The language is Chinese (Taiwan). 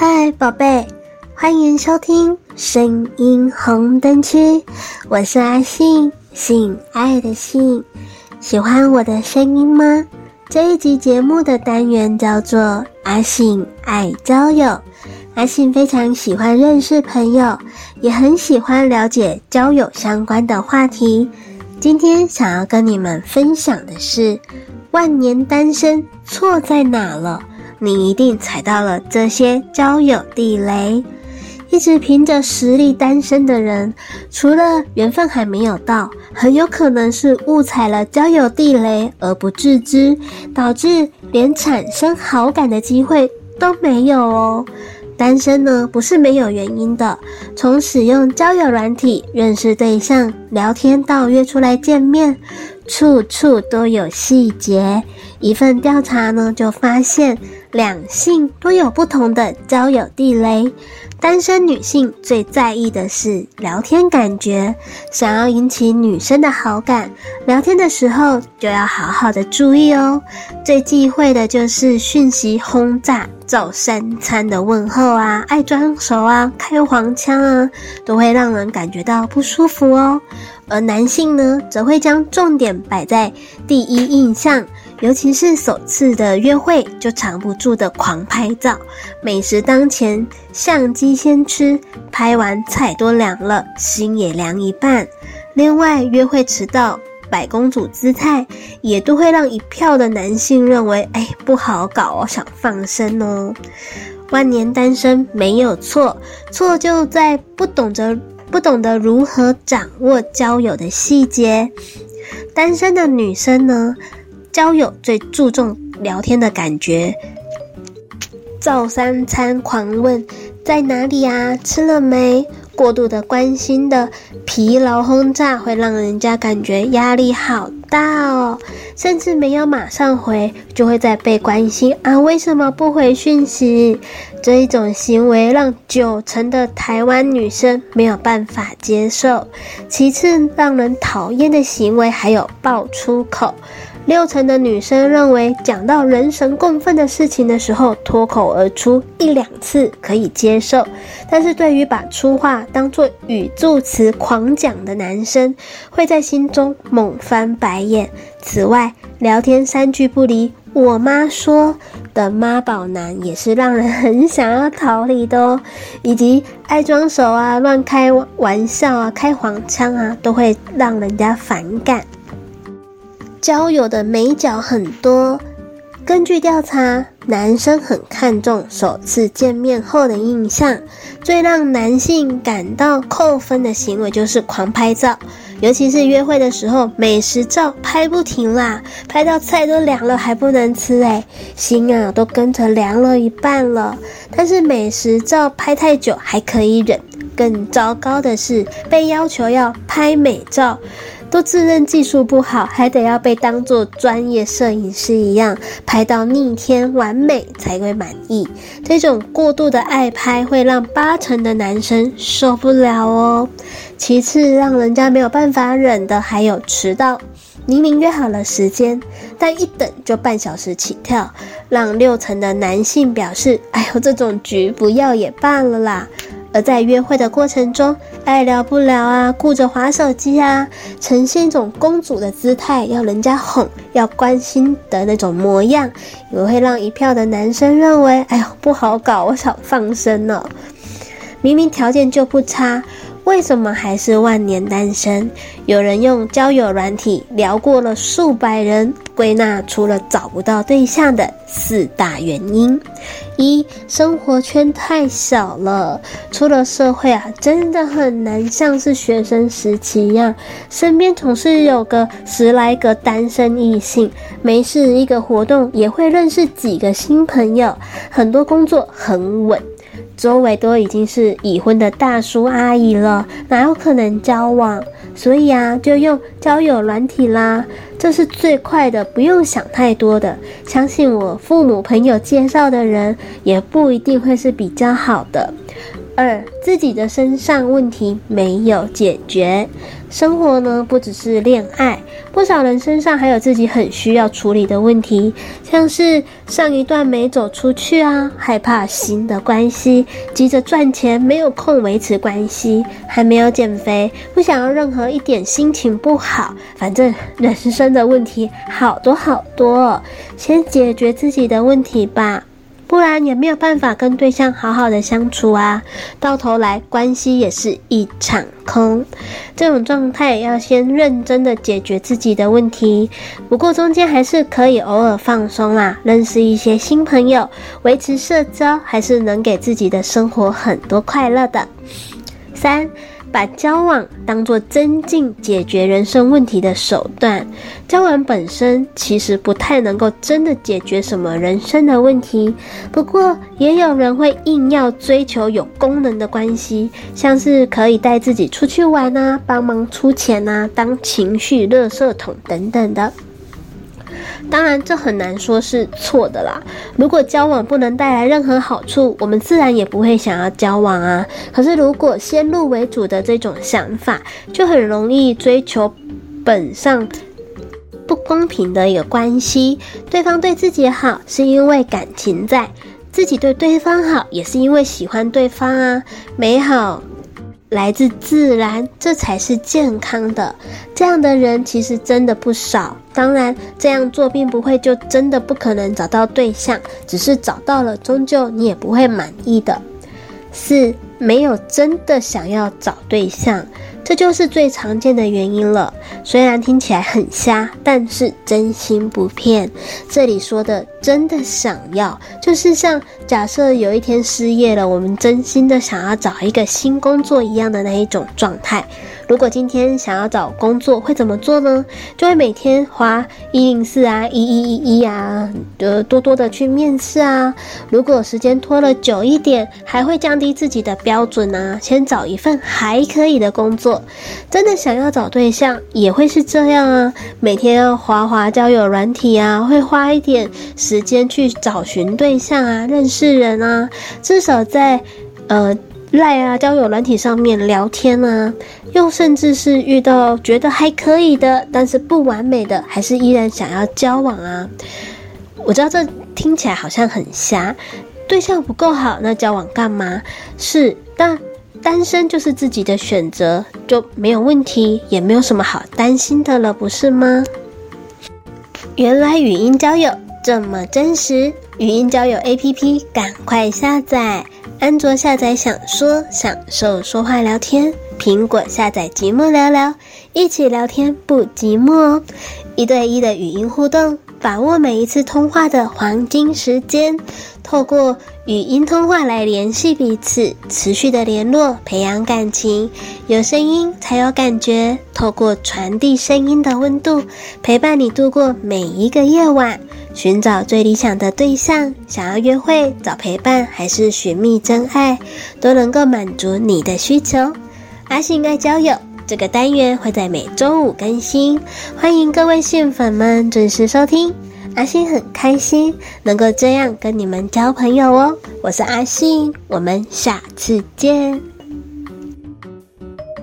嗨，Hi, 寶貝，歡迎收聽《聲音紅燈區》，我是阿性，性愛的性。喜歡我的聲音嗎？這一集節目的單元叫做《阿性愛交友》。阿性非常喜歡認識朋友，也很喜歡了解交友相關的話題。今天想要跟你們分享的是，萬年單身錯在哪了？你一定踩到了這些交友地雷，一直憑着實力單身的人，除了緣分還沒有到，很有可能是誤踩了交友地雷而不自知，導致連產生好感的機會都沒有哦。單身呢不是沒有原因的，從使用交友軟體認識對象、聊天到約出來見面，處處都有細節。一份調查呢就發現。兩性都有不同的交友地雷，單身女性最在意的是聊天感覺，想要引起女生的好感，聊天的時候就要好好的注意哦。最忌諱的就是訊息轟炸、照三餐的問候啊，愛裝熟啊，開黃腔啊，都會讓人感覺到不舒服哦。而男性呢，則會將重點擺在第一印象。尤其是首次的約會，就藏不住的狂拍照。美食當前，相機先吃，拍完菜都涼了，心也涼一半。另外，約會遲到，擺公主姿態，也都會讓一票的男性認為，哎，不好搞哦，我想放生哦。萬年單身沒有錯，錯就在不懂得，不懂得如何掌握交友的細節。單身的女生呢？交友最注重聊天的感覺，照三餐狂問在哪裡啊？吃了沒？過度的關心的疲勞轟炸會讓人家感覺壓力好大哦。甚至沒有馬上回，就會再被關心啊？為什麼不回訊息？這一種行為讓九成的台灣女生沒有辦法接受。其次，讓人討厭的行為還有爆粗口。六成的女生認為，講到人神共憤的事情的時候，脫口而出一兩次可以接受，但是對於把粗話當做語助詞狂講的男生，會在心中猛翻白眼。此外，聊天三句不離“我媽說”的媽寶男也是讓人很想要逃離的哦，以及愛裝熟啊、亂開玩笑啊、開黃腔啊，都會讓人家反感。交友的眉角很多，根據調查，男生很看重首次見面後的印象。最讓男性感到扣分的行為就是狂拍照，尤其是約會的時候，美食照拍不停啦，拍到菜都涼了還不能吃欸，心啊都跟着涼了一半了。但是美食照拍太久還可以忍，更糟糕的是被要求要拍美照。都自認技術不好，還得要被當做專業攝影師一樣拍到逆天完美才會滿意。這種過度的愛拍會讓八成的男生受不了哦。其次，讓人家沒有辦法忍的還有遲到，明明約好了時間，但一等就半小時起跳，讓六成的男性表示：“哎喲，這種局不要也罷了啦。”而在約會的過程中，愛聊不聊啊，顧着滑手機啊，呈現一種公主的姿態，要人家哄，要關心的那種模樣，也會讓一票的男生認為，哎喲，不好搞，我想放生了喔。明明條件就不差。為什麼還是萬年單身？有人用交友軟體聊過了數百人，歸納出了找不到對象的四大原因：一、生活圈太小了，出了社會啊，真的很難像是學生時期一樣，身邊總是有個十來個單身異性。沒事，一個活動也會認識幾個新朋友。很多工作很穩。周圍都已經是已婚的大叔阿姨了，哪有可能交往？所以啊，就用交友軟體啦，這是最快的，不用想太多的。相信我，父母朋友介紹的人也不一定會是比較好的。二，自己的身上問題沒有解決。生活呢，不只是戀愛，不少人身上還有自己很需要處理的問題，像是上一段沒走出去啊，害怕新的關係，急着賺錢沒有空維持關係，還沒有減肥，不想要任何一點心情不好，反正人生的問題好多好多，先解決自己的問題吧。不然也沒有辦法跟對象好好的相處啊，到頭來關係也是一場空。這種狀態要先認真的解決自己的問題，不過中間還是可以偶爾放鬆啊，認識一些新朋友，維持社交，哦，還是能給自己的生活很多快樂的。三。把交往當作增進、解決人生問題的手段，交往本身其實不太能夠真的解決什麼人生的問題。不過，也有人會硬要追求有功能的關係，像是可以帶自己出去玩啊、幫忙出錢啊、當情緒垃圾桶等等的。當然，這很難說是錯的啦。如果交往不能帶來任何好處，我們自然也不會想要交往啊。可是，如果先入為主的這種想法，就很容易追求本上不公平的一個關係。對方對自己好，是因為感情在；自己對對方好，也是因為喜歡對方啊。美好。來自自然，這才是健康的。這樣的人其實真的不少。當然，這樣做並不會就真的不可能找到對象，只是找到了，終究你也不會滿意的。四，沒有真的想要找對象。這就是最常見的原因了，雖然聽起來很瞎，但是真心不騙。這裡說的真的想要，就是像假設有一天失業了，我們真心的想要找一個新工作一樣的那一種狀態。如果今天想要找工作，會怎麼做呢？就會每天滑一零四啊，一一一一啊，呃，多多的去面試啊。如果時間拖了久一點，還會降低自己的標準啊，先找一份還可以的工作。真的想要找對象，也會是這樣啊，每天要滑滑交友軟體啊，會花一點時間去找尋對象啊，認識人啊。至少在，呃。Line 啊，交友軟體上面聊天啊，又甚至是遇到覺得還可以的，但是不完美的，還是依然想要交往啊。我知道這聽起來好像很瞎，對象不夠好，那交往幹嘛？是，但單身就是自己的選擇，就沒有問題，也沒有什麼好擔心的了，不是嗎？原來語音交友這麼真實，語音交友 APP 趕快下載。安卓下載享說，享受說話聊天；蘋果下載，寂寞聊聊，一起聊天不寂寞哦。一對一的語音互動，把握每一次通話的黃金時間，透過語音通話來聯繫彼此，持續的聯絡，培養感情。有聲音才有感覺，透過傳遞聲音的溫度，陪伴你度過每一個夜晚。尋找最理想的對象，想要約會找陪伴，還是尋覓真愛，都能夠滿足你的需求。阿性愛交友，這個單元會在每週五更新，歡迎各位性粉們準時收聽。阿性很開心能夠這樣跟你們交朋友哦，我是阿性，我們下次見。